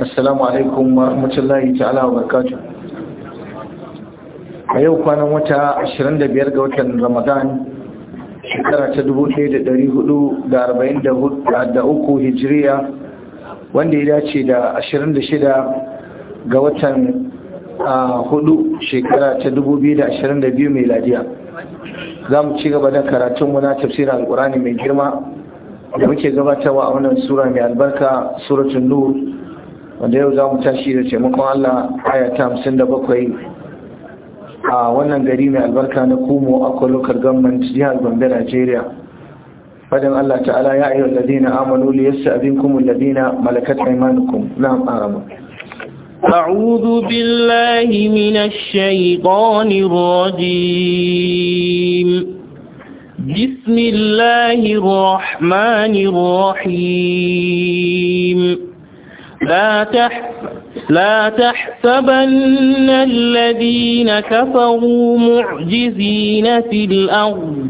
assalamu alaikum wa rahmatullahi ta'ala wa barkatu a yau kwanan wata 25 ga watan ramadan shekara ta 1443 hijiriya wanda ya dace da 26 ga watan hudu shekara ta 2022 mai ladiya za mu ci gaba da karatunmu na tafsirin alkurani mai girma da muke gabatarwa a wannan sura mai albarka suratun nur wanda yau za mu tashi da taimakon Allah aya ta hamsin da bakwai a wannan gari mai albarka na kumo a local government jihar gombe nigeria fadin Allah ta'ala ya ayyar ladina amanu liyasta abin kuma ladina malakat aimanukum na arama أعوذ بالله من الشيطان الرجيم بسم الله الرحمن الرحيم لا تح لا تحسبن الذين كفروا معجزين في الأرض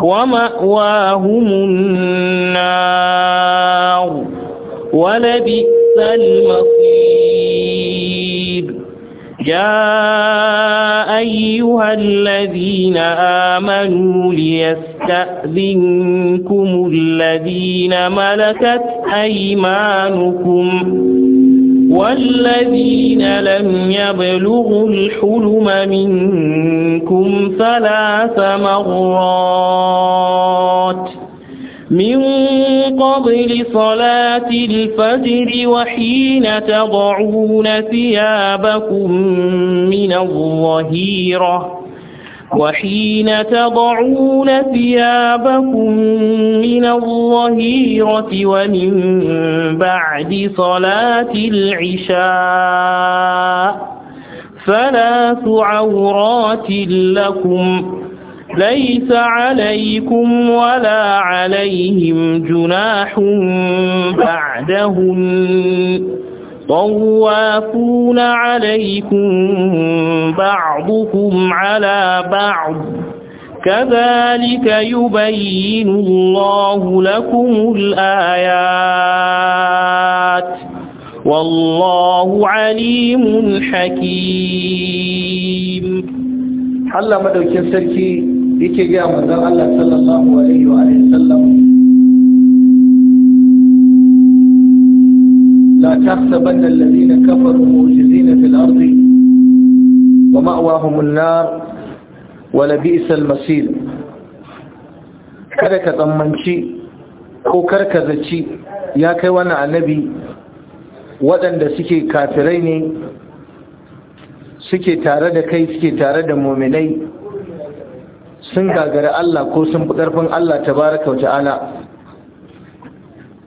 ومأواهم النار ولبئس المصير يا أيها الذين آمنوا ليستأذنكم الذين ملكت أيمانكم والذين لم يبلغوا الحلم منكم ثلاث مرات من قبل صلاة الفجر وحين تضعون ثيابكم من الظهيرة وحين تضعون ثيابكم من الظهيرة ومن بعد صلاة العشاء ثلاث عورات لكم ليس عليكم ولا عليهم جناح بعدهن طوافون عليكم بعضكم على بعض كذلك يبين الله لكم الآيات والله عليم حكيم الله مدوكين سركي yake gaya manzan Allah sallallahu alaihi wa sallam لا تحسبن الذين wa معجزين في الأرض ومأواهم النار ولبئس masir. kada ka tsammanci ko zaci ya kai wani annabi waɗanda suke kafirai ne suke tare da kai suke tare da muminai sun gagari Allah ko sun fi ƙarfin Allah tabaraka wa ta'ala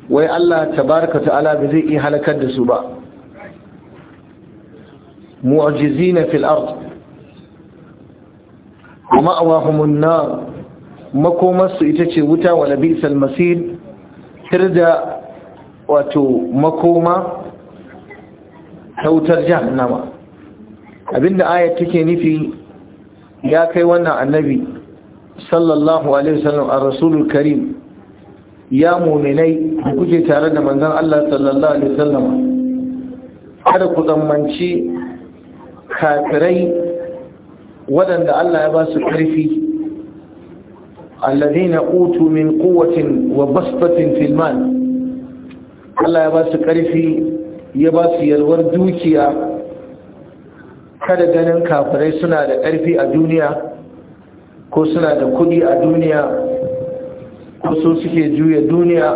wai Allah tabaraka wa ta'ala ba zai iya halakar da su ba mu'ajizina fil ard ma'awahumun nar makomarsu ita ce wuta wa labisal masir tirda wato makoma ta wutar jahannama abinda ayat take nufi ya kai wannan annabi sallallahu alaihi wasallam ar-rasulul karim ya mu'minai kuke tare da manzon Allah sallallahu alaihi wasallam kada ku zammanci kafirai waɗanda Allah ya ba su ƙarfi alladhina utu min quwwatin wa basfatin fil mal Allah ya ba su ƙarfi ya ba su yalwar dukiya kada ganin kafirai suna da ƙarfi a duniya ko suna da kudi a duniya ko so suke juya duniya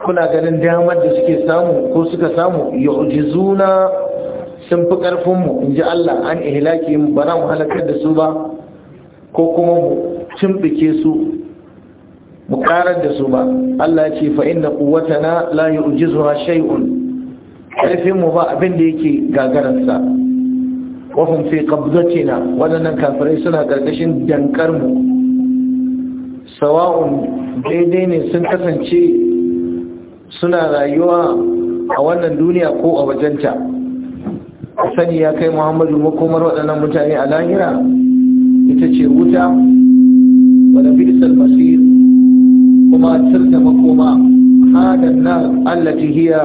kuna ganin damar da suke samu ko suka samu ya'jizuna sun fi karfinmu in ji Allah an ihilaki mu ba na mu halakar da su ba ko kuma mu cimbike su mu karar da su ba Allah ce fa inna quwwatana la yu'jizuha shay'un shaikun. ba abinda da yake gagaransa. wahum fi qabdatina waɗannan kafirai suna ƙarƙashin dankar mu sawa'un daidai ne sun kasance suna rayuwa a wannan duniya ko a wajenta sani ya kai muhammadu makomar waɗannan mutane a lahira ita ce wuta wadda bisal masir kuma da makoma hadan na allati hiya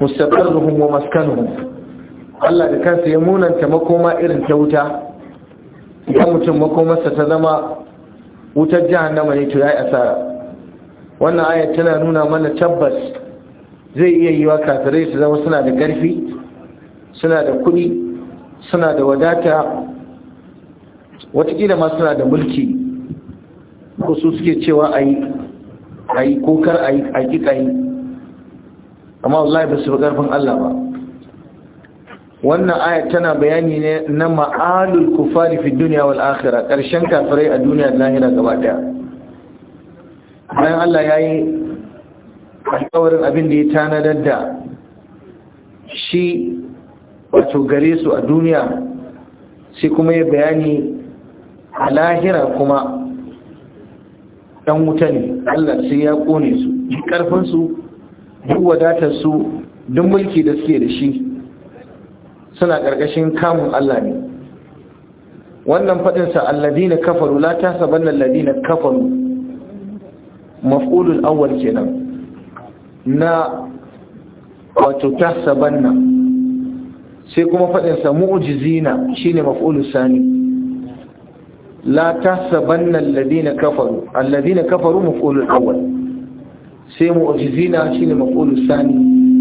wa maskanuhum Allah da kansa ya munanta makoma irin ta wuta idan mutum makomarsa ta zama wutar jihar na ne to yi asara wannan ayat tana nuna mana tabbas zai iya yiwa kafirai su zama suna da ƙarfi suna da kuɗi suna da wadata watakila ma suna da mulki ko su suke cewa a yi kokar a yi amma wallahi ba su fi ƙarfin Allah ba wannan ayat tana bayani ne na ma'alul kufari fi duniya wal akhira karshen kafirai a duniya da lahira gaba daya bayan Allah yayi alƙawarin abin da ya tanadar da shi wato gare su a duniya sai kuma ya bayani a lahira kuma dan wuta ne Allah sai ya kone su duk ƙarfinsu duk wadatar su duk mulki da suke da shi suna ƙarƙashin kamun Allah ne wannan faɗinsa alladina kafaru la ta saban alladina kafaru maf'ulul awwal kenan na wato ta sabanna sai kuma faɗinsa Mu'ujizina shine maf'ulul sani la ta saban alladina kafaru alladina kafaru maf'ulul awwal sai Mu'ujizina shine maf'ulul sani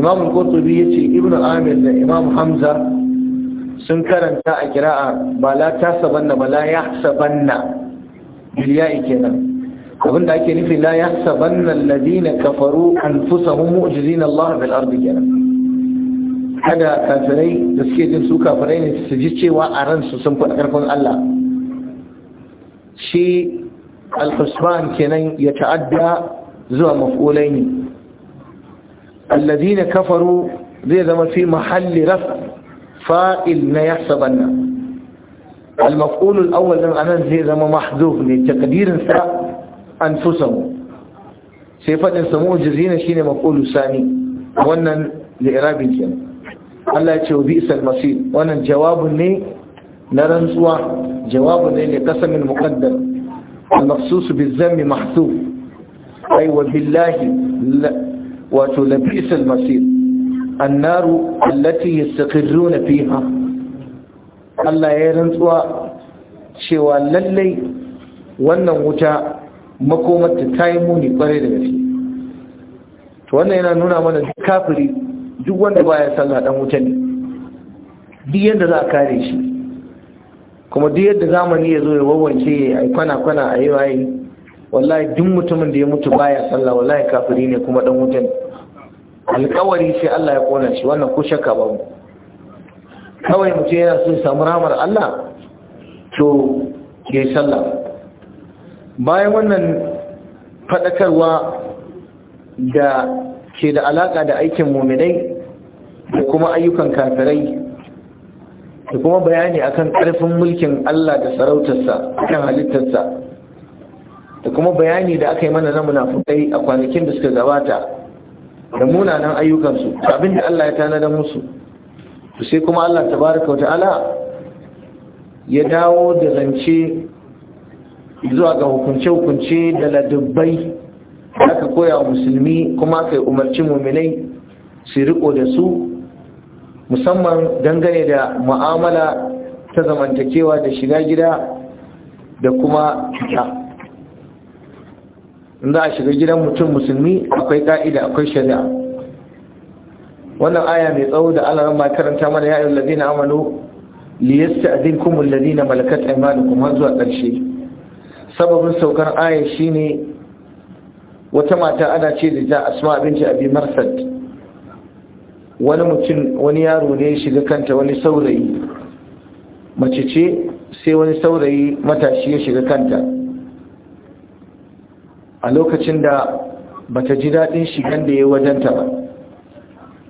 imam qurtubi yace ibnu amir da imam hamza sun karanta a kira'a ba la tasabanna ba la yahsabanna bilya'i kenan abinda ake nufi la yahsabanna alladhina kafaru anfusahum mu'jizina Allah bil ardi kenan kada kafirai da suke jin su kafirai ne su ji cewa a ransu sun fi karfin Allah shi al-husban kenan ya ta'adda zuwa maf'ulaini الذين كفروا زي زمان في محل رفع فائل يحسبن المفعول الأول ده معناه زي زمان محذوف لتقدير أنفسهم صفة سموه جزينا شين مفعول ثاني وانا لإراب الجنة الله يتشو بئس المصير وانا الجواب ني نرنسوا جواب ني لقسم المقدر المخصوص بالذنب محذوف أي أيوة وبالله wato labisul masir annaru allati yastaqirruna fiha Allah ya rantsuwa cewa lallai wannan wuta makomarta ta yi muni kwarai da gaske to wannan yana nuna mana duk kafiri duk wanda baya sallah dan wuta ne duk yadda za a kare shi kuma duk yadda zamani ya zo ya wawance ya kwana kwana a yi wallahi duk mutumin da ya mutu baya sallah wallahi kafiri ne kuma dan wuta ne alkawari sai Allah ya kona shi wannan ko shakka ba mu. kawai mutum yana so samu ramar Allah to ke sallah bayan wannan faɗakarwa da ke da alaƙa da aikin muminai da kuma ayyukan kafirai da kuma bayani akan ƙarfin mulkin Allah da sarautarsa kan halittarsa da kuma bayani da aka yi mana na munafukai a kwanakin da suka gabata da munanan ayyukansu abin da Allah ya da musu to sai kuma Allah tabaraka wa ta'ala ya dawo da zance zuwa ga hukunce-hukunce da ladabbai aka koya wa musulmi kuma aka yi umarci muminai su riko da su musamman dangane da mu'amala ta zamantakewa da shiga gida da kuma fita in za a shiga gidan mutum musulmi akwai ka'ida akwai shari'a wannan aya mai tsawo da alaran ma karanta mana ya ayyul ladina amanu liyasta'dinkum Ladina malakat aymanukum kuma zuwa ƙarshe sababin saukar aya shine wata mata ana ce da ja asma abinci abi marsad wani mutum wani yaro ne ya shiga kanta wani saurayi mace ce sai wani saurayi matashi ya shiga kanta a lokacin da bata ji daɗin shigan da ya wajenta ba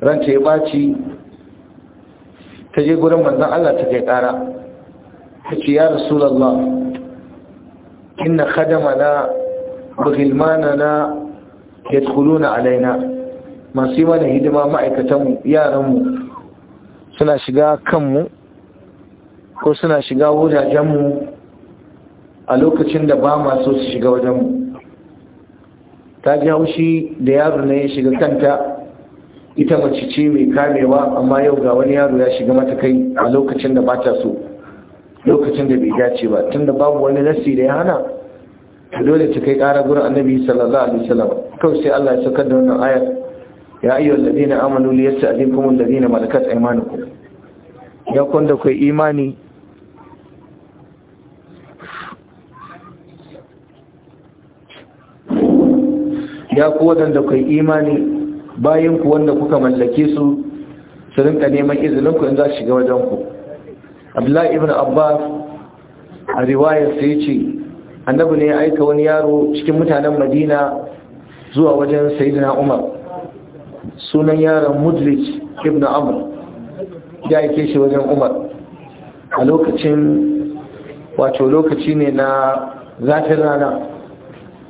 ranta ya ɓaci ta je gurin manzan Allah ta kai ƙara ta ce ya rasulallah inna na bughilmanana na alaina masu yi mana hidima ma'aikatanmu yaranmu suna shiga kanmu ko suna shiga wajajenmu a lokacin da ba masu su shiga wajenmu ta ji haushi da yaro na ya shiga kanta ita mace ce mai kamewa amma yau ga wani yaro ya shiga mata kai a lokacin da bata so lokacin da bai dace ba tunda babu wani nasi da ya hana dole ta kai kara gurin annabi sallallahu alaihi wasallam kawai sai Allah ya saukar da wannan ayar ya ayyuhal ladina amanu liyasta'dinkum alladina malakat aymanukum ya kun da kai imani ya ku waɗanda kai imani bayan ku wanda kuka mallake su su rinka neman izinin ku in za su shiga wajen ku abdullahi ibn abbas a riwayar sa yace annabi ne ya aika wani yaro cikin mutanen madina zuwa wajen sayyidina umar sunan yaron mudlij ibn amr ya aike shi wajen umar a lokacin wato lokaci ne na zafin rana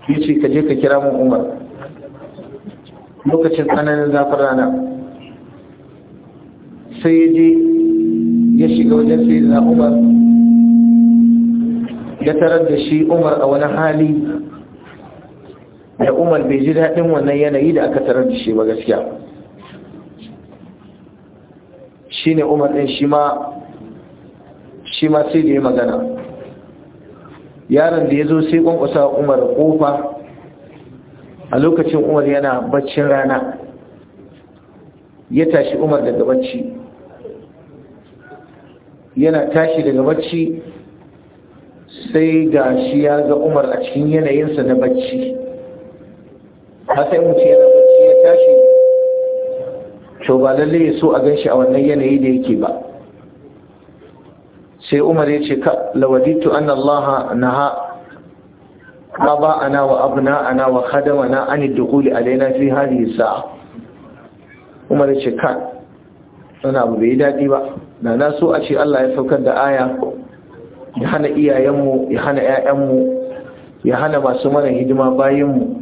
yace ka je ka kira mun umar lokacin tsananin zafin rana sai ya je ya shiga wajen sai na umar ya tarar da shi umar a wani hali da umar bai ji daɗin wannan yanayi da aka tarar da shi ba gaskiya shi ne umar ɗin shi ma sai da ya magana yaron da ya zo sai ƙwanƙwasa umar ƙofa a lokacin umar yana baccin rana ya tashi umar daga bacci yana tashi daga bacci sai ga shi ya ga umar a cikin yanayinsa na bacci har sai mutu yana bacci ya tashi to ba lalle ya so a gan shi a wannan yanayi da yake ba sai umar ya ce ka lawaditu an allaha naha آباءنا وأبناءنا وخدمنا عن الدخول علينا في هذه الساعة kuma da ce kan wani abu bai daɗi ba da so a ce Allah ya saukar da aya ya hana iyayenmu ya 'ya'yanmu ya hana masu mana hidima bayanmu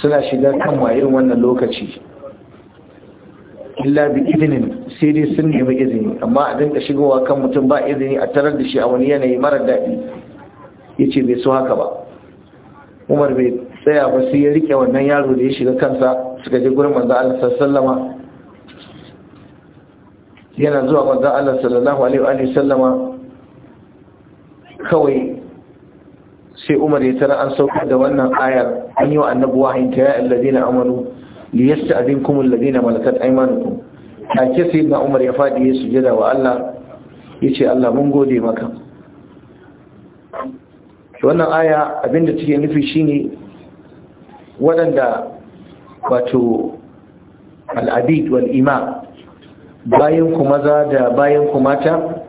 suna shiga kan irin wannan lokaci illa bi izinin sai dai sun nemi izini amma a dinka shigowa kan mutum ba izini a tarar da shi a wani yanayi mara daɗi ya ce bai so haka ba umar bai tsaya ba sai ya rike wannan yaro da ya shiga kansa suka je gurin manzo Allah sallama yana zuwa manzo Allah sallallahu alaihi wa sallama kawai sai umar ya tara an sauka da wannan ayar an yi wa annabi wahayin ta ya alladina amanu li yasta'dinkum alladina malakat aymanukum ake sai na umar ya faɗi ya sujada wa Allah yace Allah mun gode maka to wannan aya abinda take nufi shine waɗanda wato al'abid wal imam bayan ku maza da bayan ku mata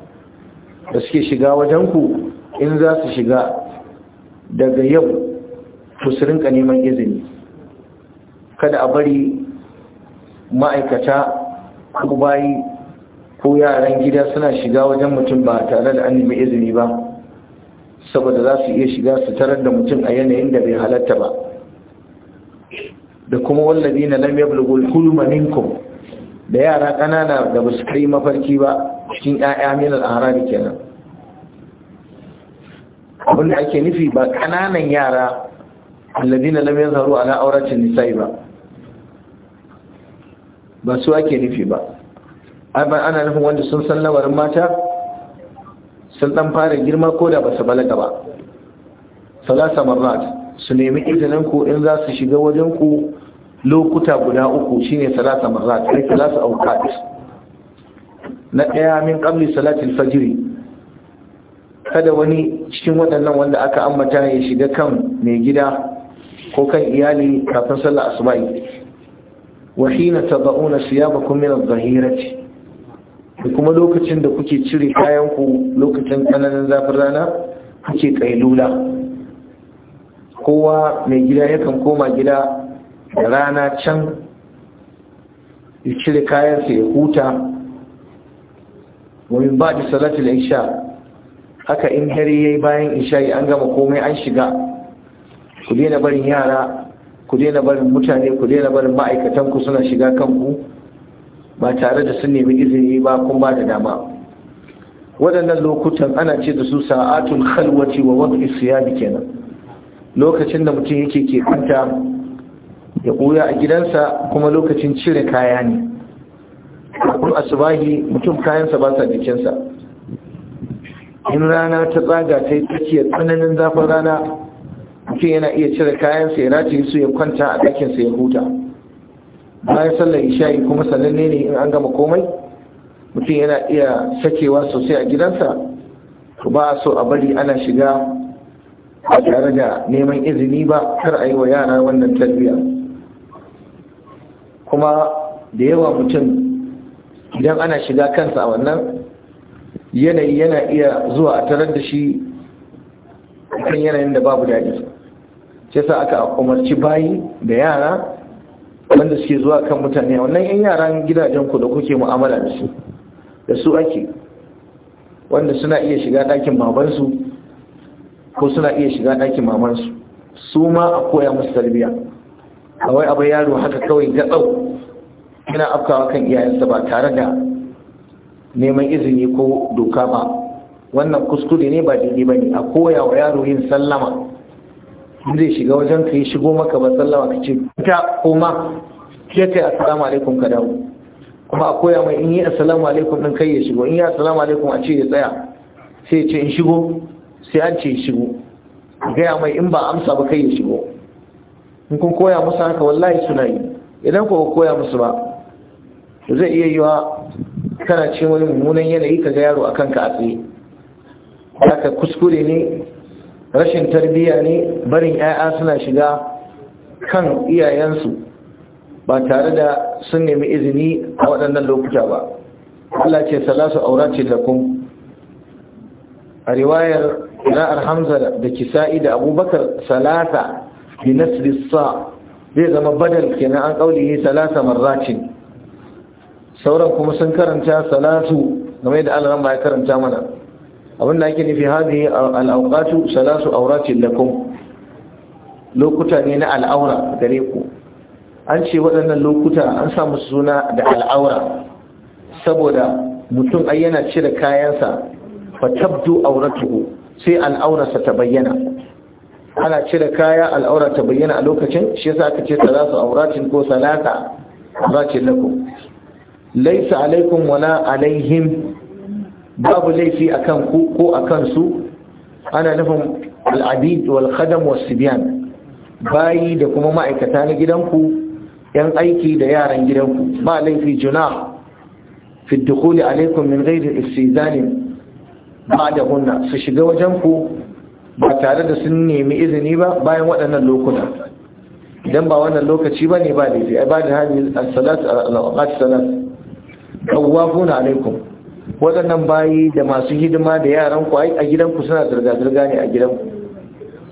da suke shiga wajen ku in za su shiga daga yau ku su rinka neman izini kada a bari ma'aikata ko bayi ko yaran gida suna shiga wajen mutum ba tare da an nemi izini ba saboda za su iya shiga su tarar da mutum a yanayin da bai halatta ba da kuma wanda na lam yablughu hulma minkum da yara kanana da ba su kai mafarki ba cikin ƴaƴa min al-ahrar kenan Wanda ake nufi ba kananan yara alladina lam yazharu ala awratin nisa'i ba ba su ake nufi ba ana nufin wanda sun san lamarin mata sun dan fara girma ko da ba su balaga ba salasa marrat su nemi izinin ku in za su shiga wajen ku lokuta guda uku shine salasa marrat ai salasa awqat na ɗaya min qabli salatil fajr kada wani cikin waɗannan wanda aka ambata ya shiga kan mai gida ko kan iyali kafin sallar asuba'i wa hina tad'una siyabakum min adh-dhahirati da kuma lokacin da kuke cire kayanku lokacin tsananin zafin rana kuke kailula kowa mai gida yakan koma gida da rana can ya cire kayansa ya huta wamin ba da salatul isha haka in dare yayi bayan ya an gama komai an shiga ku daina barin yara ku daina barin mutane ku daina barin ma'aikatanku suna shiga kanku ba tare da sun nemi izini ba kun ba da dama waɗannan lokutan ana ce da su sa'atun khalwati wa wad'i siyabi kenan lokacin da mutum yake ke kwanta ya ɓuya a gidansa kuma lokacin cire kaya ne kun asubahi mutum kayansa ba sa jikinsa in rana ta tsaga ta yi tsakiya tsananin zafin rana mutum yana iya cire kayansa ya rataye su ya kwanta a ɗakinsa ya huta bayan sallar isha'i kuma sananne ne in an gama komai mutum yana iya sakewa sosai a gidansa to ba so a bari ana shiga a tare da neman izini ba kar a yi wa yara wannan tarbiyya kuma da yawa mutum idan ana shiga kansa a wannan yanayi yana iya zuwa a tarar da shi kan yanayin da babu daji sai sa aka umarci bayi da yara wanda suke zuwa kan mutane wannan yan yaran gidajen da kuke mu'amala da su da su ake wanda suna iya shiga ɗakin babansu ko suna iya shiga ɗakin mamansu su ma a koya musu tarbiyya kawai abin yaro haka kawai ga tsawo, yana afkawa kan iyayensa ba tare da neman izini ko doka ba wannan kuskure ne ba daidai ba ne a koya wa yaro yin sallama zai shiga wajen ka yi shigo maka ba sallama ka ce ta koma ya kai assalamu alaikum ka dawo kuma a koya mai in yi assalamu alaikum din kai ya shigo in yi assalamu alaikum a ce ya tsaya sai ya ce in shigo sai an ce shigo gaya mai in ba amsa ba kai ya shigo in kun koya musu haka wallahi suna yi idan ku koya musu ba zai iya yiwa kana ce wani mummunan yanayi ka ga yaro akan ka a tsaye ka kuskure ne rashin tarbiyya ne barin 'ya'ya suna shiga kan iyayensu ba tare da sun nemi izini a waɗannan lokuta ba Allah ce salasu aura ce lakum a riwayar ra'ar hamza da kisa'i da abubakar salata bi zai zama badal kenan an ne salasa marratin sauran kuma sun karanta salatu game da Allah ya karanta mana abin da ake nufi hadhihi al-awqatu auratin da lakum lokuta ne na al'aura gare ku an ce waɗannan lokuta an samu suna da al'aura saboda mutum ai cire kayansa fa tabdu auratuhu sai al'aurarsa ta bayyana ana cire kaya al'aura ta bayyana a lokacin shi yasa aka ce salasu auratin ko salata auratin lakum laysa alaikum wala alaihim babu laifi a kan ku ko a su ana nufin al'adid wal khadam wa sibiyan bayi da kuma ma'aikata na gidanku yan aiki da yaran gidanku ba laifi juna. fi dukhuli alaikum min ghairi ba da hunna su shiga wajenku ba tare da sun nemi izini ba bayan waɗannan lokuta idan ba wannan lokaci ba ne ba laifi ai ba da hadin salat al-awqat salat tawafuna alaikum waɗannan bayi da masu hidima da yaran ku a gidanku suna zirga-zirga ne a gidanku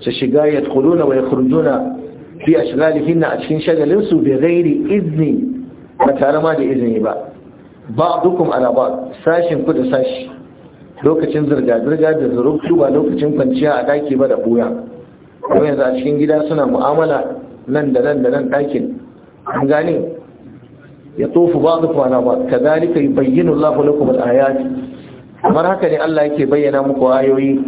su shiga ya na wa kurdu na fi a na a cikin shagalinsu bai zairi izini ba tare ma da izini ba ba dukkan alaba sashin ku da sashi lokacin zirga-zirga da zurubtu ba lokacin kwanciya a daki ba da buya kuma yanzu a cikin gida suna mu'amala nan da nan da nan ɗakin an yatufu ba'dukum ala ba'd kadhalika yubayyinu Allahu lakum al-ayat kamar haka ne Allah yake bayyana muku ayoyi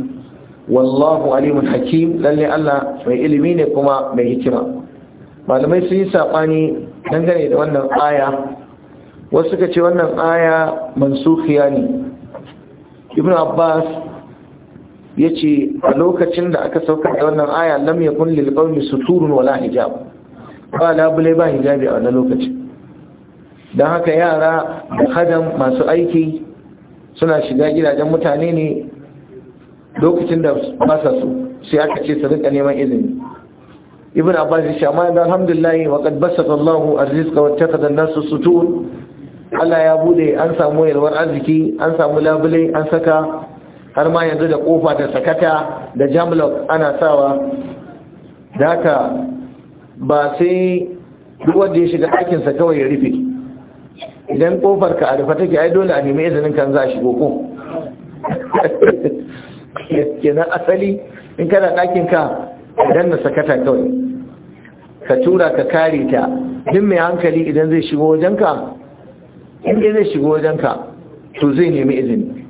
wallahu alimun hakim lalle Allah mai ilimi ne kuma mai hikima malamai sun yi sabani dangane da wannan aya wasu suka ce wannan aya mansukhiya ne ibn abbas ya ce a lokacin da aka saukar da wannan aya lam yakun lil qawmi suturun wala hijab ba labule ba hijabi a wannan lokacin don haka yara da hadam masu aiki suna shiga gidajen mutane ne lokacin da basa su sai aka ce su rika neman izini ibn abbas ya ma da alhamdulillah wa qad basata Allahu arzika wa taqada an-nasu sutur Allah ya bude an samu yalwar arziki an samu labule an saka har ma yanzu da kofa da sakata da jamlock ana sawa da haka ba sai duk wanda ya shiga sa kawai ya rufe idan kofar ka a rufe take ai dole a nemi izinin kan za a shigo ko kenan asali in kana ɗakin ka idan na sakata kawai ka tura ka kare ta din mai hankali idan zai shigo wajenka ka, dai zai shigo wajenka to zai nemi izini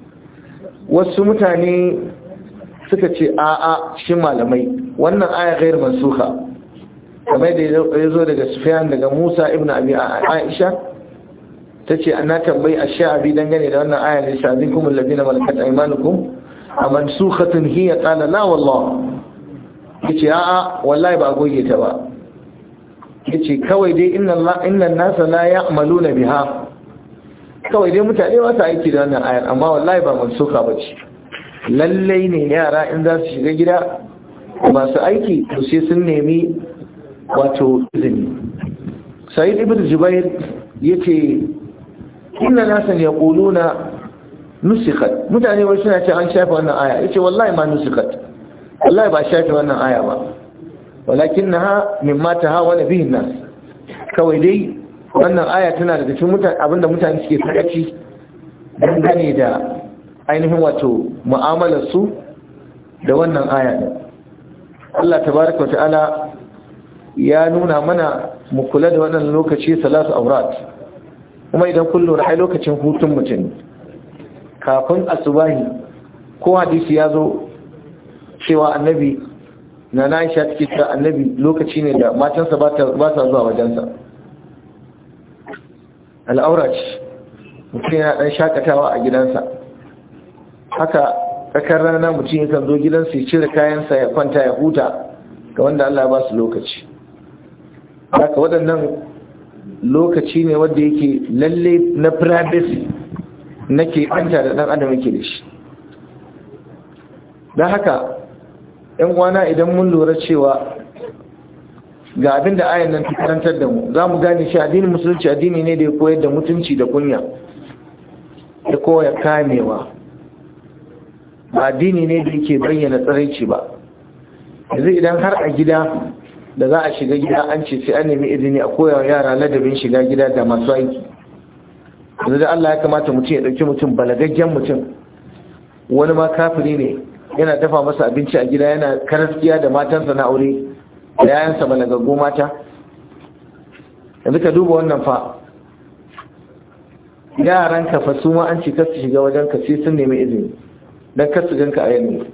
wasu mutane suka ce a'a shi malamai wannan aya gairu mansuka kamar da ya zo daga sufiyan daga musa ibn abi aisha ta ce ana tambayi a sha'abi dangane da wannan aya nisa abin kuma labi na malakat aimanukum a mansukhatun hiya qala la wallah ce a'a wallahi ba goge ta ba Ya ce kawai dai inna na nasa la na biha kawai dai mutane ba su aiki da wannan ayar amma wallahi ba mansuka bace lallai ne yara in za su shiga gida masu aiki to sai sun nemi wato izini sa'id ibn jubair yake inna nasan yaquluna nusikat mutane wai suna ce an shafe wannan aya yace wallahi ma nusikat wallahi ba shafe wannan aya ba walakinnaha mimma tahawana bihi nas kawai dai wannan aya tana daga cikin mutane abinda mutane suke don dangane da ainihin wato mu'amalar su da wannan aya ne Allah tabaaraka wa ta'ala ya nuna mana mu kula da wannan lokaci salatu awrat kuma idan kullu na ai lokacin hutun mutum kafin asubahi ko hadisi ya zo cewa annabi na na isha take cewa annabi lokaci ne da matansa ba sa zuwa wajensa al'auraci mutum yana dan shakatawa a gidansa haka tsakar rana mutum yakan zo gidansa ya cire kayansa ya kwanta ya huta ga wanda Allah ba su lokaci haka waɗannan lokaci ne wanda yake lalle na privacy na anta da ɗan adam yake da shi haka ‘yan wana idan mun lura cewa ga abin da ayan nan ta karantar da mu za mu gane shi addinin musulunci addini ne da ya koyar da mutunci da kunya ya koya kamewa ba addini ne da yake bayyana tsaraici ba yanzu idan har a gida da za a shiga gida an ce sai an nemi izini a koya yara ladabin shiga gida da masu aiki yanzu da Allah ya kamata mutum ya ɗauki mutum balagaggen mutum wani ma kafiri ne yana dafa masa abinci a gida yana karaskiya da matansa na aure da yayansa balagaggo mata yanzu ka duba wannan fa yaran ka su ma an ce kar shiga wajen ka sai sun nemi izini dan kar ganka a yanzu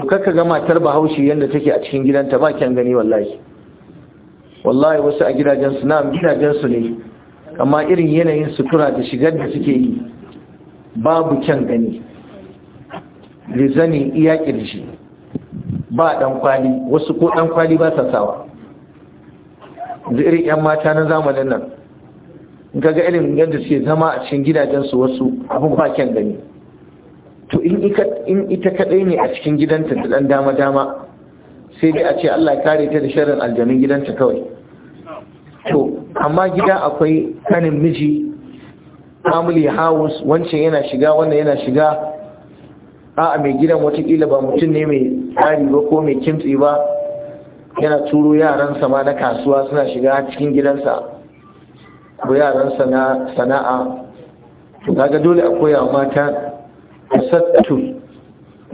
to kaka ga matar bahaushe yadda take a cikin gidanta ba kyan gani wallahi wallahi wasu a gidajensu na gidajensu ne amma irin yanayin sutura da shigar da suke yi babu kyan gani zane iya kirji ba dan kwali wasu ko dan kwali ba sa sawa irin yan mata na zamanin nan in irin yadda suke zama a cikin gidajensu wasu abin ba kyan gani to in ita kadai ne a cikin gidanta ta dan dama dama sai dai a ce Allah kare ta da sharrin aljanun gidanta kawai to amma gida akwai kanin miji family house wancan yana shiga wannan yana shiga a mai gidan watakila ba mutum ne mai tsari ba ko mai kimtsi ba yana turo yaransa ma na kasuwa suna shiga cikin gidansa ko yaran na sana'a kaga dole a koya mata tasattur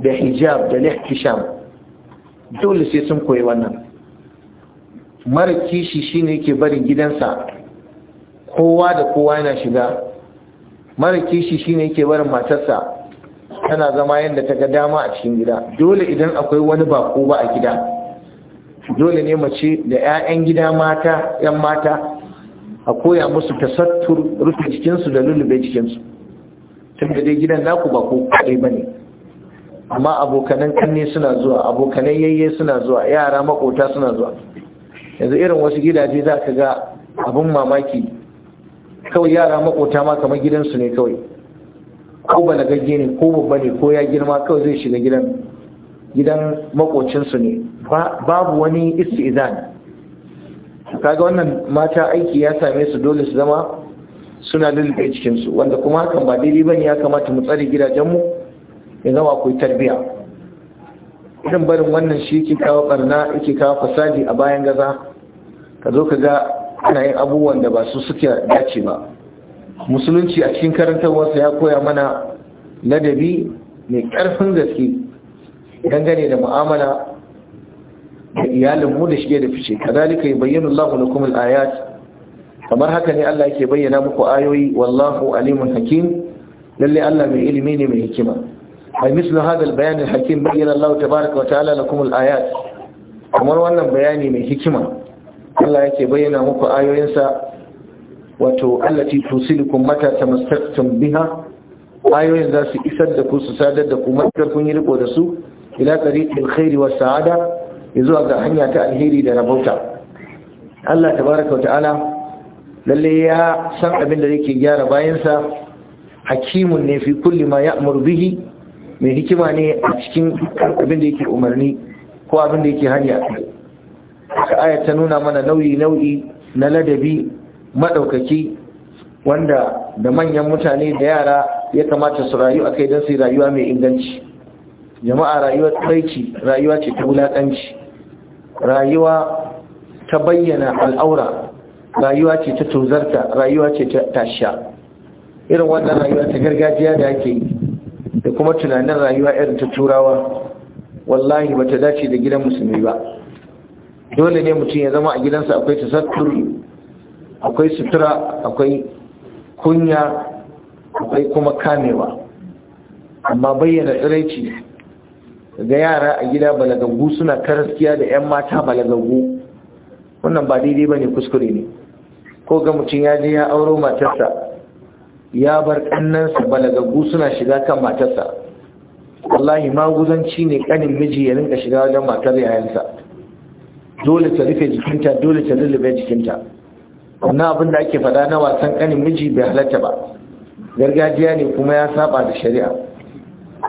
da hijab da lihtisham dole sai sun koyi wannan mara kishi shine yake barin gidansa kowa da kowa yana shiga mara kishi shine yake barin matarsa tana zama yadda ta ga dama a cikin gida dole idan akwai wani bako ba a gida dole ne mace da 'ya'yan gida mata 'yan mata a koya musu tasattur rufe jikinsu da lullube jikinsu tun da dai gidan naku ba ko kaɗai ba ne amma abokanan kanne suna zuwa abokanan yayye suna zuwa yara makota suna zuwa yanzu irin wasu gidaje za ka ga abin mamaki kawai yara makota ma kamar gidansu ne kawai ko balagagge ne ko babba ne ko ya girma kawai zai shiga gidan gidan makocinsu ne babu wani Ka kaga wannan mata aiki ya same su dole su zama suna lullube cikinsu wanda kuma hakan ba daidai ne ya kamata mu tsare gidajenmu ya zama akwai tarbiya irin barin wannan shi yake kawo barna yake kawo fasadi a bayan gaza ka zo ka ga ana yin abubuwan da ba su suke dace ba musulunci a cikin karantarwarsa ya koya mana ladabi mai ƙarfin gaske dangane da mu'amala da iyalinmu da shige da fice kazalika yi bayyana lakum al-ayat kamar haka ne Allah yake bayyana muku ayoyi wallahu alimun hakim lalle Allah mai ilimi ne mai hikima ai mislu hada albayan alhakim bayyana Allah tabaaraka wa ta'ala lakum alayat kamar wannan bayani mai hikima Allah yake bayyana muku ayoyinsa wato allati tusilukum mata tamassaktum biha ayoyin za su isar da ku su sadar da ku matakar kun yi riko da su ila tariqil khairi was sa'ada zuwa ga hanya ta alheri da rabauta Allah tabaaraka wa ta'ala lalle ya san abin da yake gyara bayansa hakimun ne fi kulli ma ya'mur bihi mai hikima ne a cikin abin da yake umarni ko abin da yake hanya ka aya ta nuna mana nauyi nau'i na ladabi madaukaki wanda da manyan mutane da yara ya kamata su rayu a kai don su rayuwa mai inganci jama'a rayuwar tsaici rayuwa ce ta wulaƙanci rayuwa ta bayyana al'aura rayuwa ce ta tozarta rayuwa ce ta tasha irin wannan rayuwa ta gargajiya da ake yi da kuma tunanin rayuwa irin ta turawa wallahi ba ta dace da gidan musulmi ba dole ne mutum ya zama a gidansa akwai tasattur akwai sutura akwai kunya akwai kuma kamewa amma bayyana tsiraici ga yara a gida balagangu suna karaskiya da 'yan mata balagangu wannan ba daidai ba ne kuskure ne ko ga mutum ya je ya auro matarsa ya bar kannansa balagaggu suna shiga kan matarsa wallahi maguzanci ne ƙanin miji ya rinka shiga wajen matar yayansa dole ta rufe jikinta dole ta lullube jikinta wannan abin da ake fada na wasan ƙanin miji bai halatta ba gargajiya ne kuma ya saba da shari'a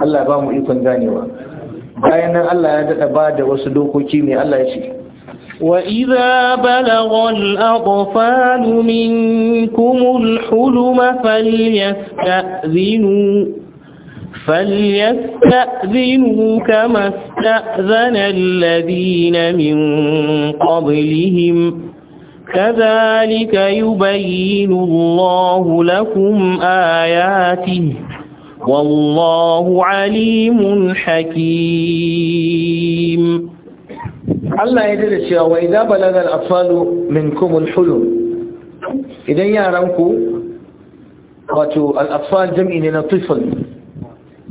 Allah ba mu ikon ganewa bayan nan Allah ya daɗa ba da wasu dokoki ne Allah ya ce وَإِذَا بَلَغَ الْأَطْفَالُ مِنكُمُ الْحُلُمَ فَلْيَسْتَأْذِنُوا فَلْيَسْتَأْذِنُوا كَمَا اسْتَأْذَنَ الَّذِينَ مِن قَبْلِهِمْ كَذَلِكَ يُبَيِّنُ اللَّهُ لَكُمْ آيَاتِهِ وَاللَّهُ عَلِيمٌ حَكِيمٌ Allah ya dada cewa wa idza balagar afalu min kumul hulum idan yaran wato alafal jami'i jam'i ne na tufal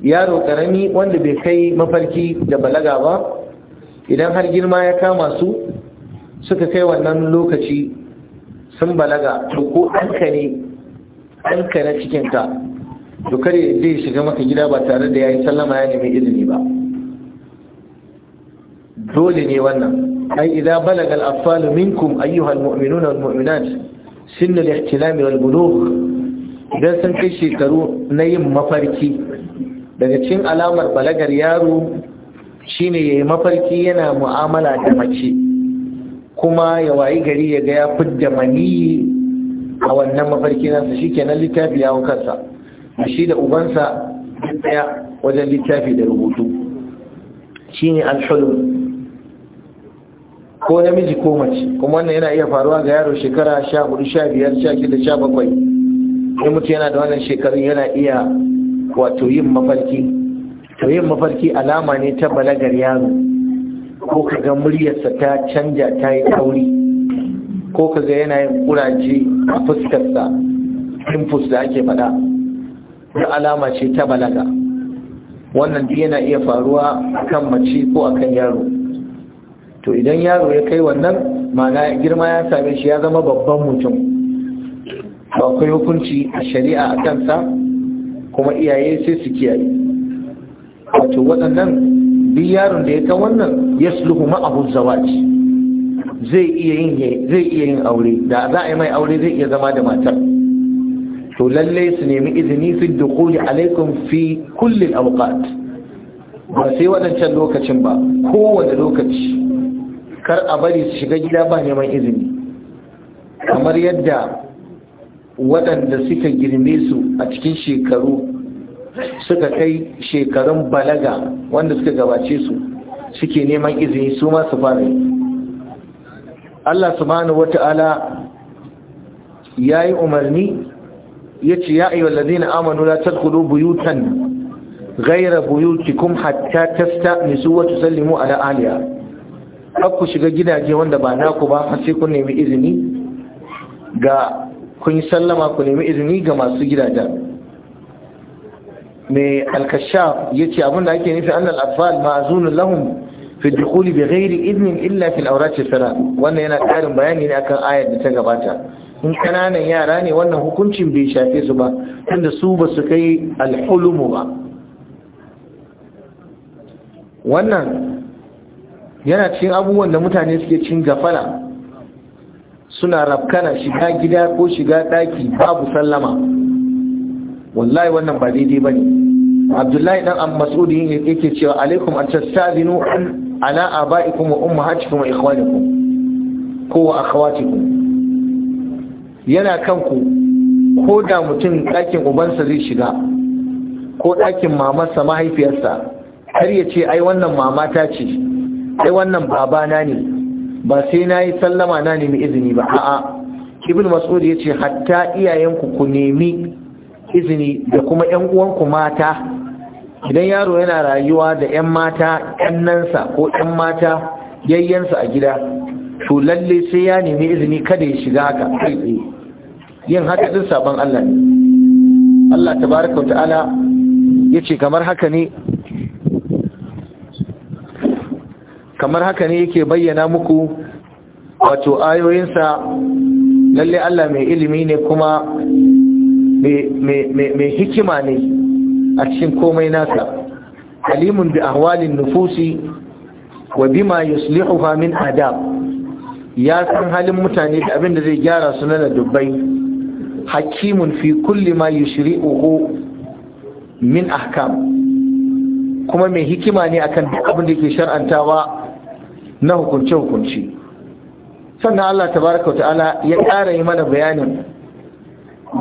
yaro karami wanda bai kai mafarki da balaga ba idan har girma ya kama su suka kai wannan lokaci sun balaga to ko ɗanka ne ɗanka na cikinka to kare zai shiga maka gida ba tare da ya yi sallama ya nemi izini ba dole ne wannan ai idza balaga al afal minkum ayyuha al-mu'minuna wal-mu'minat sin al-ihtilam wal-bulugh idan san kai shekaru na yin mafarki daga cikin alamar balagar yaro shine yayi mafarki yana mu'amala da mace kuma ya wayi gari ya ga ya fidda mani a wannan mafarki nasa shikenan littafi ya kansa shi da ubansa ɗaya wajen littafi da rubutu shine al-hulm ko namiji ko mace kuma wannan yana iya faruwa ga yaro shekara sha hudu sha biyar sha shida sha bakwai in mutum yana da wannan shekarun yana iya wato yin mafarki to yin mafarki alama ne ta balagar yaro ko kaga muryarsa ta canja ta yi tauri ko kaga yana yin kuraje a fuskarsa infus da ake faɗa da alama ce ta balaga wannan yana iya faruwa kan mace ko akan yaro to idan yaro ya kai wannan mana girma ya same shi ya zama babban mutum Ba kai hukunci a shari'a a kansa kuma iyaye sai su kiyaye wato waɗannan duk yaron da ya kan wannan ya sulhu ma zawaji zai iya yin zai iya yin aure da za a yi mai aure zai iya zama da matar to lallai su nemi izini fi dukuli alaikum fi kulli awqat ba sai waɗancan lokacin ba kowane lokaci kar a bari su shiga gida ba neman izini kamar yadda waɗanda suka girme su a cikin shekaru suka kai shekarun balaga wanda suka gabace su suke neman izini su ma su fara Allah subhanahu ta'ala ya yi umarni ya ce ya ayyuwa lazina amanu la tadkhulu buyutan ghayra buyutikum hatta tasta'nisu wa tusallimu ala ahliha har ku shiga gidaje wanda ba naku ba sai kun nemi izini ga kun yi sallama ku nemi izini ga masu gidajen mai alkashaf ya ce abinda ake nufi annal atfal ma'azunin lahum fi dukuli bi ghairi iznin illa fil aurati sara wannan yana karin bayani ne akan ayar da ta gabata in kananan yara ne wannan hukuncin bai shafe su ba tunda su ba su kai alhulumu ba wannan yana cikin abubuwan da mutane suke cin gafala suna rafkana shiga gida ko shiga daki babu sallama wallahi wannan ba daidai ba ne abdullahi dan an masudi yake cewa alaikum an tastadinu ala abaikum wa ummahatikum wa ikhwanikum ko wa akhawatikum yana kanku ko da mutum dakin ubansa zai shiga ko dakin mamarsa mahaifiyarsa har ya ce ai wannan mamata ce Sai wannan babana ne ba sai na yi sallama na nemi izini ba a'a ibn mas'ud ya ce hatta iyayenku ku nemi izini da kuma 'yan uwanku mata idan yaro yana rayuwa da 'yan mata 'yannansa ko 'yan mata yayyansa a gida to lalle sai ya nemi izini kada ya shiga haka kai tsaye yin haka din sabon Allah ne Allah tabaraka wa ta'ala yace kamar haka ne kamar haka ne yake bayyana muku wato ayoyinsa lalle Allah mai ilimi ne kuma mai hikima ne a cikin komai nasa alimun bi ahwalin nufusi wa bima yuslihuha min adab ya san halin mutane da abin da zai gyara su na dubbai hakimun fi kulli ma yushri'uhu min ahkam kuma mai hikima ne akan duk abin da yake shar'antawa na hukunce-hukunce sannan Allah tabaraka ta'ala ya ƙara yi mana bayanin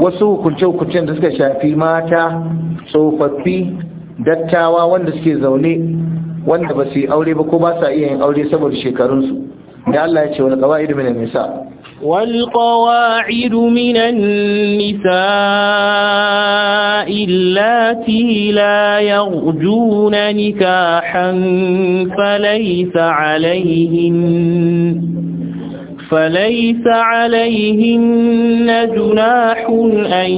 wasu hukunce-hukuncen da suka shafi mata tsofaffi dattawa wanda suke zaune wanda ba su yi aure ba ko ba sa iya yin aure saboda shekarunsu da Allah ya ce wani ƙawa'idu mai nisa والقواعد من النساء اللاتي لا يرجون نكاحا فليس عليهن فليس عليهن جناح أن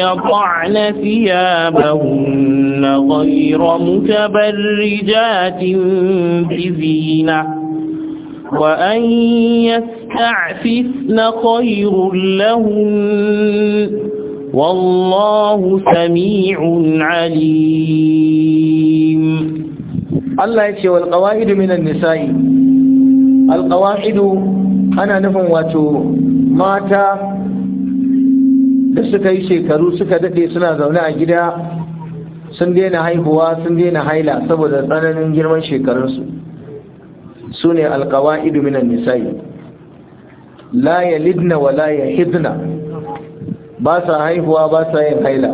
يضعن ثيابهن غير متبرجات بزينة وأن يستعففن خير لهن والله سميع عليم الله يشي والقواعد من النساء القواعد أنا نفهم واتو ماتا da suka yi shekaru suka daɗe suna zaune a gida sun daina haihuwa sun daina haila saboda tsananin girman shekarunsu su ne alkawa minan nisa'i la lidna wa la hidna. ba sa haihuwa ba sa yin haila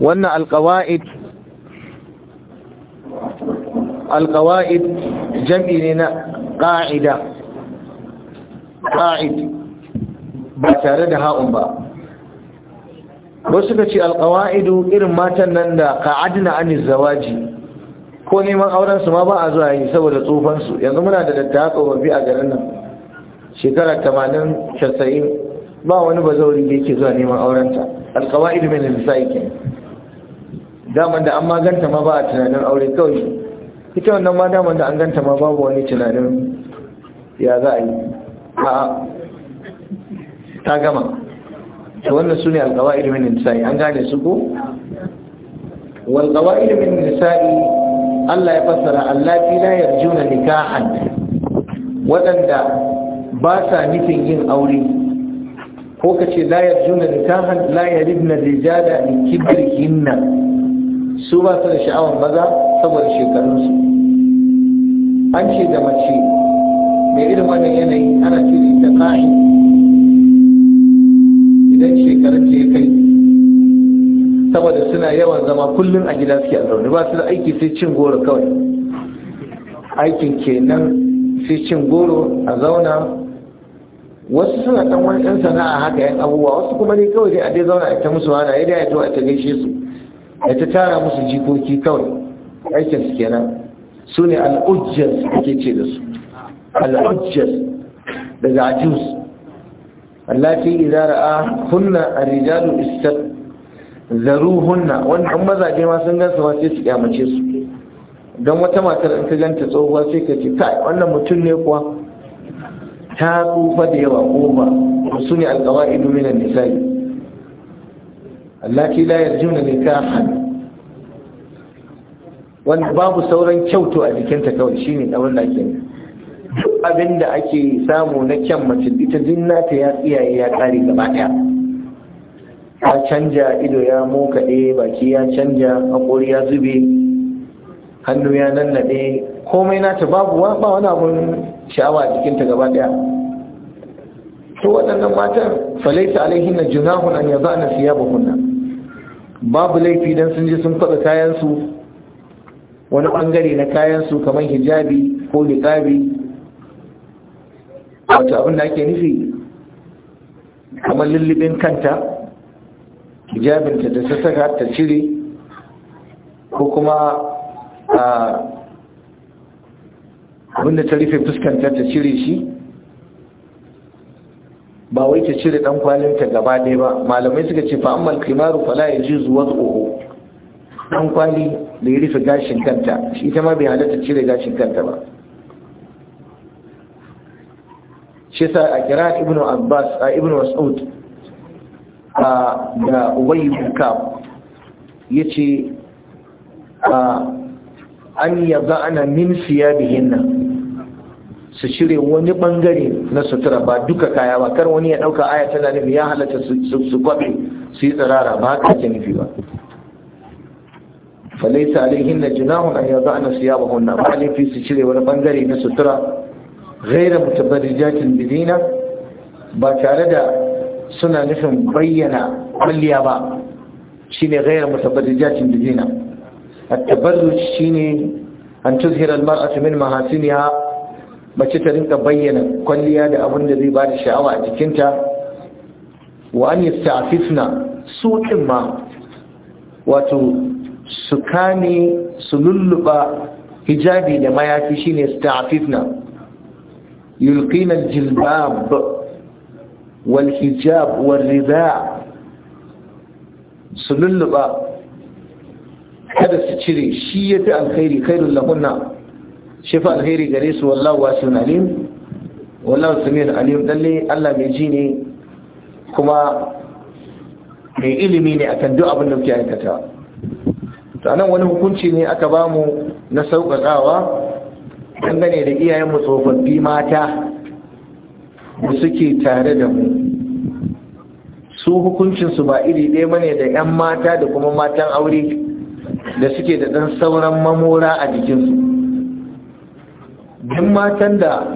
wannan alkawa'id alkawa'id jam'i ne na ƙa'ida ƙa'id ba tare da ha'un ba wasu ka ce alkawa'idu irin matan nan da ka'adina anis zawaji ko neman aurensu ma ba a zuwa yi saboda tsufansu yanzu muna da dattawa tsofaffi a garin nan shekarar 80 90 ba wani bazaurin da yake zuwa neman aurenta alqawaid min al-nisa'i kenan daman da an maganta ma ba a tunanin aure kawai ita wannan ma daman da an ganta ma babu wani tunanin ya za a yi a ta gama ta wannan su ne alkawa'id min nisa'i an gane su ko wal qawa'id min nisa'i Allah ya fassara Allah fi la yarjuna nikahan wadanda ba sa nufin yin aure ko ka ce la yarjuna nikahan la yaridna rijala min kibrihinna su ba su da sha'awar maza saboda shekarunsu an ce da mace mai irin wannan yanayi ana ce da ka'i idan shekarun ce kai saboda suna yawan zama kullum a gida suke a zaune ba su da aiki sai cin goro kawai aikin kenan sai cin goro a zauna wasu suna ɗan wani ɗan sana'a haka yan abubuwa wasu kuma ne kawai dai a dai zauna a ta musu wana ya dai a ta gaishe su a ta tara musu jikoki kawai aikin su kenan su ne al'ujjas ake ce da su al'ujjas daga ajus allati idza ra'a hunna a rijalu istab hunna, wannan mazaje ma sun gansu ma sai su kyamace su don wata matar in ka ganta tsohuwa sai ka ce kai wannan mutum ne kuwa ta tsufa da yawa goma su ne idu minan nisa'i allati la ka nikahan wanda babu sauran kyautu a jikinta kawai shine abin da abin da ake samu na kyan mace ita ta ya tsiyaye ya kare gaba ɗaya. ya canja ido ya mokaɗe baki ya canja haƙori ya zube hannu ya nannaɗe komai nata babu ba wani abun sha'awa a jikinta gaba ɗaya. to waɗannan matan falaita alaihin na junahun an yaba na siya bukunan. babu laifi don sun ji sun faɗa kayansu wani bangare na kayansu kamar hijabi ko liƙabi wata abin da ake nufi kamar lullubin kanta hijabinta da ta saka ta cire ko kuma ah, abin da ta rufe fuskanta ta cire shi ba wai ta cire dan kwalin ta gaba ɗaya ba malamai suka ce fa ammal kimaru fala zuwa wad'uhu dan kwali da ya rufe gashin kanta shi ita ma bai halatta cire gashin kanta ba shi sa a kira ibnu abbas a ibnu mas'ud a da ubay ibn kab yace a an ana min siyabihinna su shirya wani bangare na sutura ba duka kaya ba kar wani ya dauka aya tana nufi ya halatta su kwabe su yi tsirara ba haka ke nufi ba falaita alaihin na junahun an yanzu ana siya ba hunna ba laifi su shirya wani bangare na sutura gaira mutabarijatin bidina ba tare da suna nufin bayyana kwalliya ba shine gaira mutabarijatin bidina التبرج شيني أن تظهر المرأة من محاسنها mace ta rinka bayyana kwalliya da abin da zai bada sha'awa a jikinta wa an yi su ɗin ma wato su kane su lulluɓa hijabi da mayafi shine sa'afifna yulqina jilbab wal hijab wal rida su lulluɓa kada su cire shi ya fi alkhairi khairul lahunna shifa alheri gare su wallahu wasu alim wallahu samiul alim dalle Allah mai ji ne kuma mai ilimi ne akan duk abin da kuke aikata to anan wani hukunci ne aka bamu na sauƙaƙawa dangane da iyayenmu tsofaffi mata da suke tare da mu su hukuncinsu ba iri ɗaya bane da 'yan mata da kuma matan aure da suke da ɗan sauran mamora a jikinsu yan matan da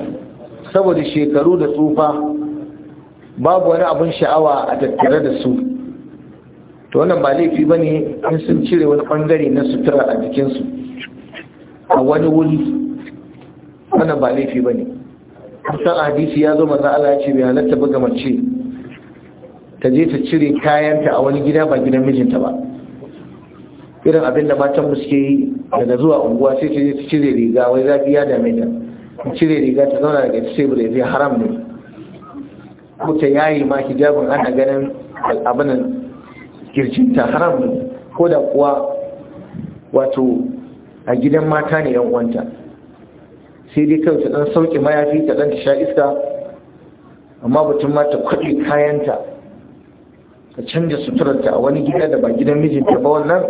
saboda shekaru da tsufa babu wani abin sha'awa a tattare da su to wannan ba laifi ba ne in sun cire wani ɓangare na sutura a jikinsu a wani wuri wannan ba laifi ba ne kusan hadisi ya zo maza Allah ya ce biya halatta buga mace ta je ta cire kayanta a wani gida ba gidan mijinta ba irin abin da matan muske suke yi daga zuwa unguwa sai ta je ta cire riga wai zafi ya dame ta cire riga ta zauna daga tebur ya zai haram ne ko ta yayi ma hijabin ana ganin abinan girjinta haram ne ko da kuwa wato a gidan mata ne yan uwanta sai dai kawai ta dan sauke mayafi ta dan ta sha iska amma batun ma ta kwaɗe kayanta Ka canja suturarta a wani gida da ba gidan mijinta ba wannan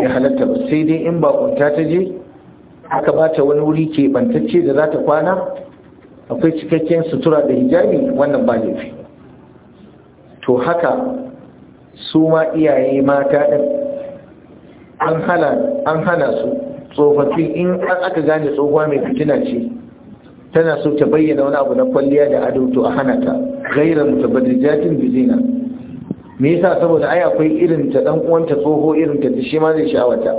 ya halatta ba sai dai in ba kunta ta je aka bata wani wuri keɓantacce da za ta kwana akwai cikakken sutura da hijabi wannan ba laifi to haka su ma iyaye mata ɗin an hana su tsofaffi in an aka gane tsohuwa mai fitina ce tana so ta bayyana wani abu na kwalliya da ado to a hana ta gairar jatin bizina me yasa saboda ai akwai irin ta dan uwanta tsoho irin ta shi ma zai sha'awata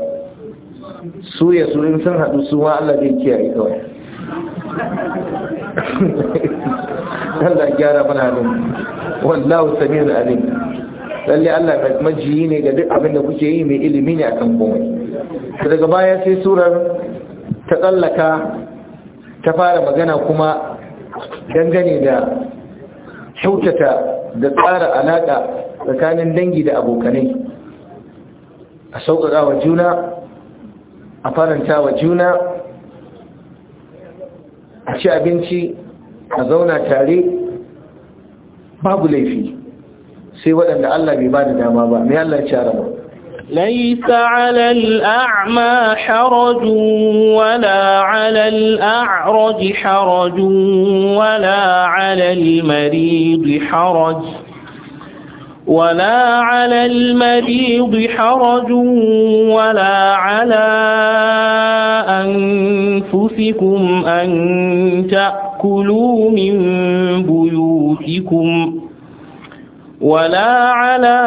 su ya in sun haɗu su ma Allah zai kiyaye kawai Allah gyara mana halin wallahu samiul alim lalle Allah majiyi ne ga duk abin da kuke yi mai ilimi ne akan komai daga baya sai surar ta tsallaka ta fara magana kuma dangane da kyautata da tsara alaƙa tsakanin dangi da abokanai a sauƙaƙa wa juna a faranta wa juna a ci abinci a zauna tare babu laifi sai waɗanda Allah bai ba da dama ba mai Allah ya rama ليس على الأعمى حرج ولا على الأعرج حرج ولا على المريض حرج ولا على المريض حرج ولا على أنفسكم أن تأكلوا من بيوتكم ولا على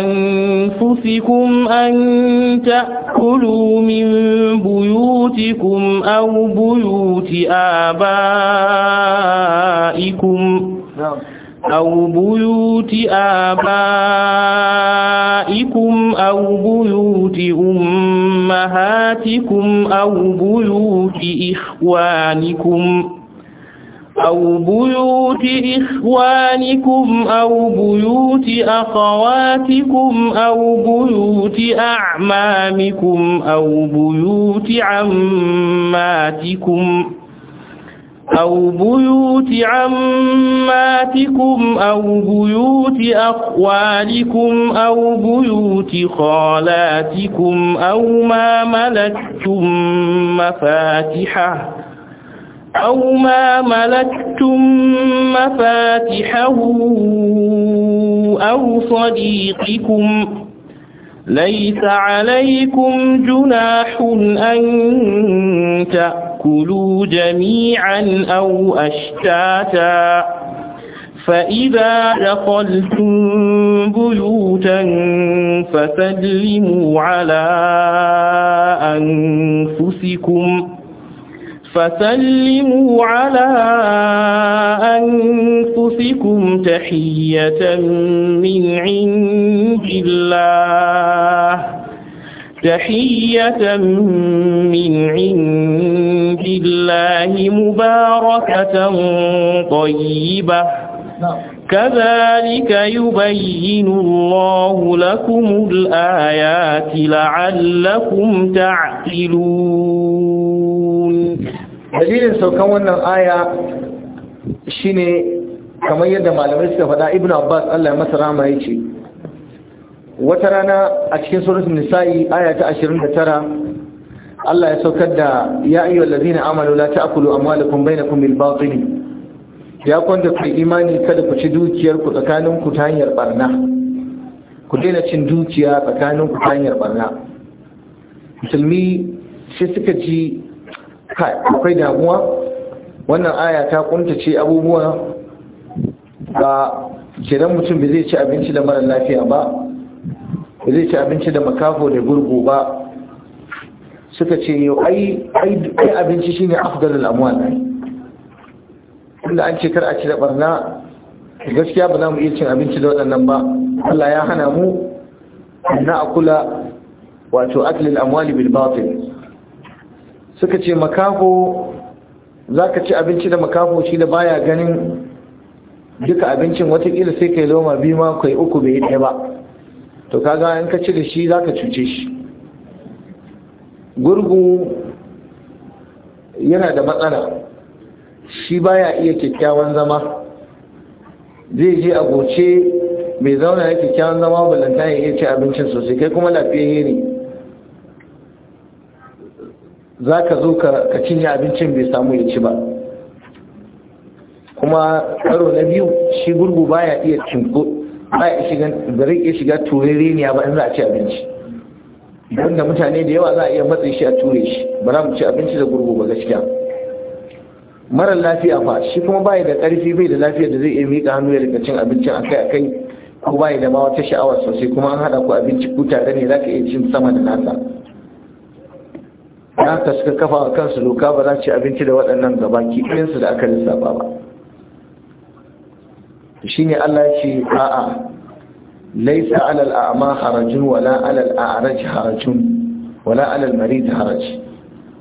أنفسكم أن تأكلوا من بيوتكم أو بيوت آبائكم نعم أو بيوت آبائكم أو بيوت أمهاتكم أو بيوت إخوانكم أو بيوت إخوانكم أو بيوت أخواتكم أو بيوت أعمامكم أو بيوت عماتكم أو بيوت عماتكم أو بيوت أخوالكم أو بيوت خالاتكم أو ما ملكتم مفاتحه أو ما ملكتم مفاتحه أو صديقكم ليس عليكم جناح أن تأخذوا كلوا جميعا أو أشتاتا فإذا دخلتم بيوتا فسلموا على أنفسكم فسلموا على أنفسكم تحية من عند الله تحية من عند الله مباركة طيبة كذلك يبين الله لكم الآيات لعلكم تعقلون dalilin saukan wannan aya shine kamar yadda malamai suka faɗa ibnu abbas Allah ya masa yace wata rana a cikin suratul nisa'i aya ta 29 Allah ya saukar da ya ayyuha allazina amalu la ta'kulu amwalakum bainakum bil batil ya kwanda ku imani kada ku ci dukiyar ku tsakanin ku ta hanyar barna ku daina cin dukiya tsakanin ku ta hanyar barna musulmi sai suka ji kai akwai damuwa wannan aya ta kuntace abubuwa ga kiran mutum bai zai ci abinci da mara lafiya ba ba zai ci abinci da makafo da gurgu ba suka ce yau ai abinci shine afgalul amwal ne inda an ce kar a ci da barna gaskiya ba za mu iya cin abinci da waɗannan ba Allah ya hana mu na akula wato aklil amwali bil batil suka ce makafo zaka ci abinci da makafo shi da baya ganin duka abincin watakila sai kai loma biyu ma kai uku bai ɗaya ba to kaga in ka ci da shi za ka cuce shi gurgu yana da matsala shi baya iya kyakkyawan zama zai je a goce mai zauna ya kyakkyawan zama balanta ya iya ci abincin sosai kai kuma lafiyayye ne za ka zo ka cinye abincin bai samu ya ci ba kuma karo na biyu shi gurgu baya iya ba ya shiga da rike shiga turere ba in za a ci abinci don mutane da yawa za a iya matsayi shi a ture shi ba za mu ci abinci da gurgu ba gaskiya mara lafiya fa shi kuma bai da karfi bai da lafiyar da zai iya mika hannu ya rika cin abincin akai akai ko bai da ma wata sha'awa sosai kuma an hada ku abinci ku tare ne za ka iya cin sama da nasa ya haka suka kafa a kansu doka ba za ci abinci da waɗannan gaba ɗinsu da aka lissafa ba ne Allah ce a'a laisa alal a'ma harajun wala alal a'raj harajun wala alal marid haraj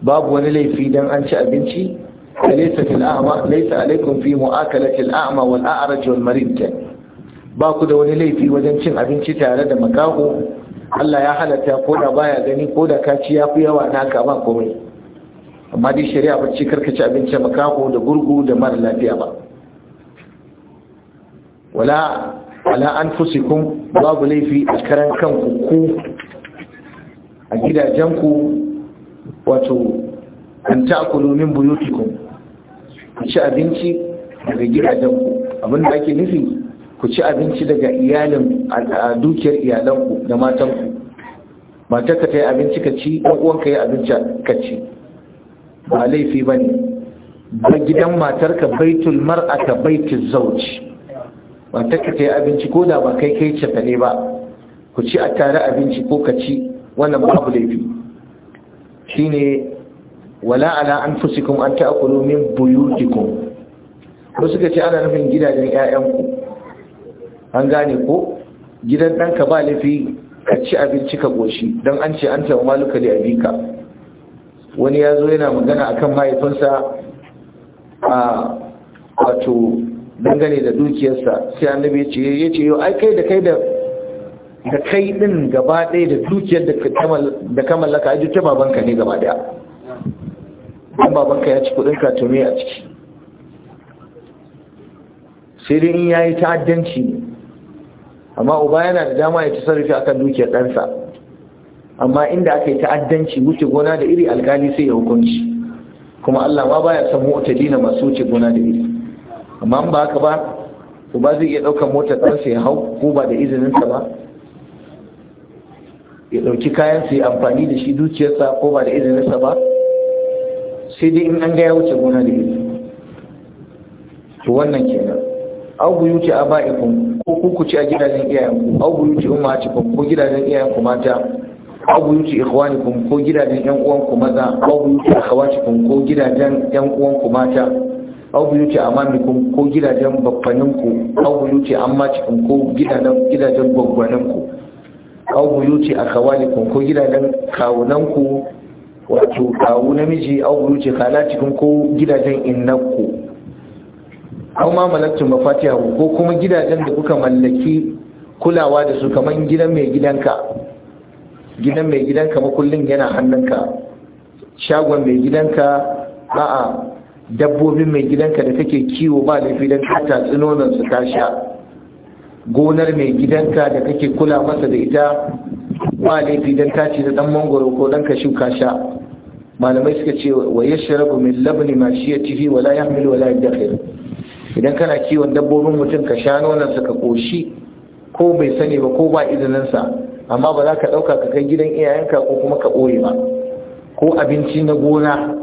babu wani laifi dan an ci abinci laisa fil a'ma laisa alaikum fi mu'akalati al a'ma wal a'raj wal marid ba ku da wani laifi wajen cin abinci tare da makaho Allah ya halatta ko da baya gani ko da ka ci yafi yawa ka ba komai amma dai shari'a ba ci karka ci abinci makaho da gurgu da mara lafiya ba wala ala an fusikun babu laifi a karan kanku ku a gidajenku wato an ta'kulu min buyutikum ku ci abinci daga gidajenku abinda ake nufi ku ci abinci daga iyalin dukiyar iyalanku da matanku matarka ta yi abinci ka ci ɗan uwanka ya abinci ka ci ba laifi ba ne ba gidan matarka baitul mar'a mar'ata baitul zauci matar ka yi abinci ko da ba kai kai cefa ne ba ku ci a tare abinci ko ka ci wannan babu laifi Shi ne, wala ala an fusikun an ta'akulu min buyutikum ko suka ce ana nufin gidajen 'ya'yanku. an gane ko gidan ɗanka ba laifi ka ci abinci ka goshi don an ce an taɓa maluka da abika wani ya zo yana magana akan mahaifinsa a wato dangane da dukiyarsa sai annabi ya ce ya ce yau ai kai da kai da da kai din gaba ɗaya da dukiyar da ka mallaka aji ta babanka ne gaba ɗaya dan babanka ya ci kudin ka a ciki sai dai in yi ta'addanci ne amma uba yana da dama ya a akan dukiyar ɗansa amma inda aka yi ta'addanci wuce gona da iri alkali sai ya hukunci kuma Allah ma baya son mu'tadina masu wuce gona da iri amma ba haka ba ba zai iya daukar motar ɗan ya hau ko ba da izininsa ba ya ɗauki kayan su yi amfani da shi dukiyarsa ko ba da izininsa ba sai dai in an ga wuce gona da izini to wannan kenan au ba ikon ko ku ku ci a gidajen iyayenku au buyuti ummatikum ko gidajen iyayenku mata au ikhwani ikhwanikum ko gidajen yan uwanku maza au buyuti akhawatikum ko gidajen yan uwanku mata amma ni kun ko gidajen babbaninku aw amma cikin ko gidajen gidajen gwaggwaninku aw buyuti kun ko gidajen kawunanku wato kawu namiji aw kala cikin ko gidajen innanku aw ma malaktum mafatihahu ko kuma gidajen da kuka mallaki kulawa da su kaman gidan mai gidanka gidan mai gidanka makullin yana hannunka shagon mai gidanka a'a dabbobin mai gidanka da kake kiwo ba laifi don hata tsinonan su ta gonar mai gidanka da kake kula masa da ita ba laifi don ta da dan mangoro ko dan ka shuka malamai suka ce wa yashrabu min labni ma shi ya wala yahmil wala yadakhir idan kana kiwon dabbobin mutum ka sha nonon sa ka koshi ko bai sani ba ko ba izinin sa amma ba za ka dauka ka kai gidan iyayenka ko kuma ka boye ba ko abinci na gona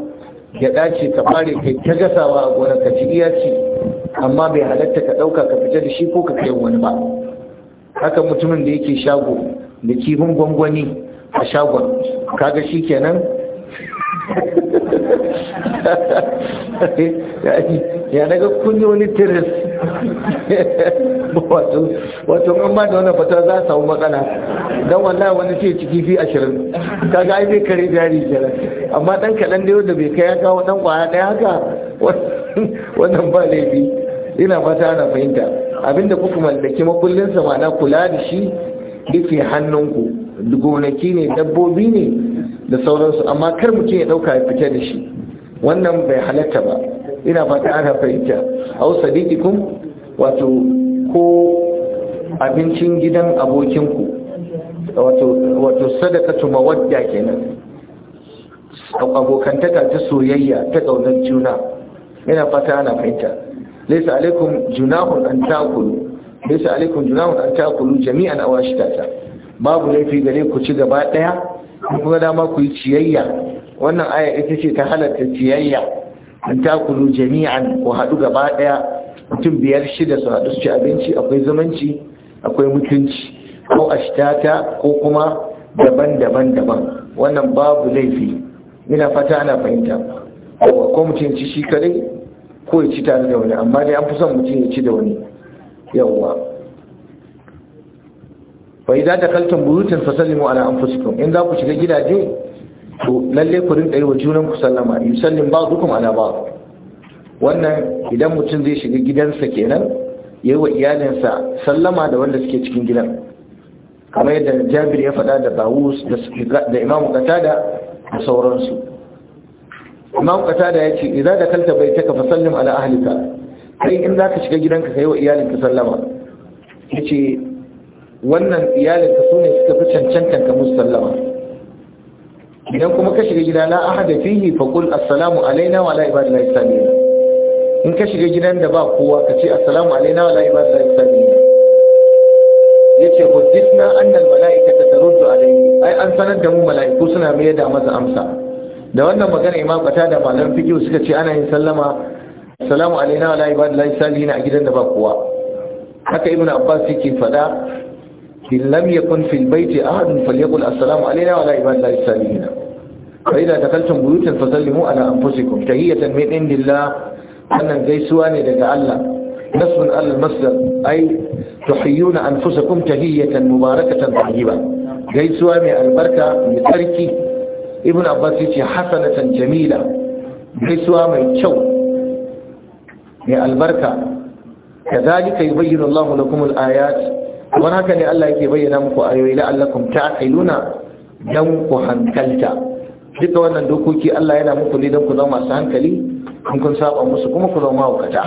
gyaɗa ce ka fare kai ta gasawa a gonar ka ci iya ci amma bai halatta ka ɗauka ka fita da shi ko ka kai wani ba haka mutumin da yake shago da kifin gwangwani a shagon kaga shi kenan ya naga kun yi wani tiris wato wato an ba da wannan fata za su samu matsala Don wallahi wani ce ciki fi 20 kaga ai bai kare jari kenan amma dan kaɗan da yau da bai kai ya kawo dan kwaya ɗaya haka wannan ba laifi ina fata ana fahimta abinda kuka mallaki makullin sa ma'ana kula da shi rufe hannunku gonaki ne dabbobi ne da sauransu amma kar mutum ya ɗauka ya fita da shi wannan bai halatta ba ina fata ana fahimta au sadiqikum wato ko abincin gidan abokinku wato wato sadaqatu mawadda kenan abokantaka ta soyayya ta kaunar juna ina fata ana fahimta laysa alaikum junahun an takulu laysa alaikum junahun an takulu jami'an awashitata babu laifi gare ku ci gaba daya kuma dama ku yi ciyayya wannan aya ita ce ta halatta ciyayya an takulu jami'an ko haɗu gaba ɗaya mutum biyar shida su haɗu su ci abinci akwai zumunci akwai mutunci ko ashtata ko kuma daban-daban daban wannan babu laifi ina fata ana fahimta ko mutum ci shi kadai ko ya ci tare da wani amma dai an fi son mutum ya ci da wani yawwa fa idza dakaltum buyutan fasallimu ala anfusikum in za ku shiga gidaje to lalle ku rinka yi wa junan ku sallama sallin ba dukum ala ba wannan idan mutum zai shiga gidansa kenan yayi wa iyalinsa sallama da wanda suke cikin gidan kamar yadda Jabir ya faɗa da bawus da Imam Qatada da sauransu Imam Qatada ya ce idan da kalta bai taka fa sallim ala ahlika kai in zaka shiga gidanka kai wa iyalinka sallama yace wannan iyalinka sune suka fi cancanta ka musallama idan kuma ka shiga gida la ahada fihi fa qul assalamu alayna wa ala ibadillahi salim in ka shiga gidan da ba kowa ka ce assalamu alayna wa ala ibadillahi salim yace hujjitna anna al malaikata taruddu alayhi ai an sanar da mu malaiku suna mai da maza amsa da wannan magana imam kata da malam fiqh suka ce ana yin sallama assalamu alayna wa ala ibadillahi salim a gidan da ba kowa haka ibnu abbas yake fada in lam yakun fil baiti ahadun falyaqul assalamu alayna wa ala ibadillahi salihin fa idza takaltum buyutan fasallimu ala anfusikum tahiyatan min indillah wannan gaisuwa ne daga Allah nasbun al masdar ay tuhiyuna anfusakum tahiyatan mubarakatan tayyiba gaisuwa mai albarka mai tsarki ibn abbas yace hasanatan jamila gaisuwa mai kyau mai albarka kadhalika yubayyinu Allahu lakum al ayat kamar haka ne Allah yake bayyana muku ayoyi la'allakum ta'qiluna dan ku hankalta duka wannan dokoki Allah yana muku ne dan ku zama masu hankali kun kun saba musu kuma ku zama wakata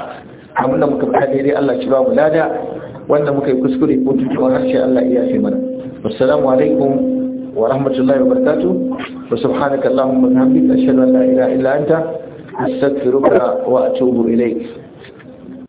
abinda muka faɗa daidai Allah shi ba mu lada wanda muka yi kuskure ko tuntuwar harshe Allah iya fi mana assalamu alaikum wa rahmatullahi wa barakatuh wa subhanaka allahumma wa bihamdika ashhadu an la ilaha illa anta astaghfiruka wa atubu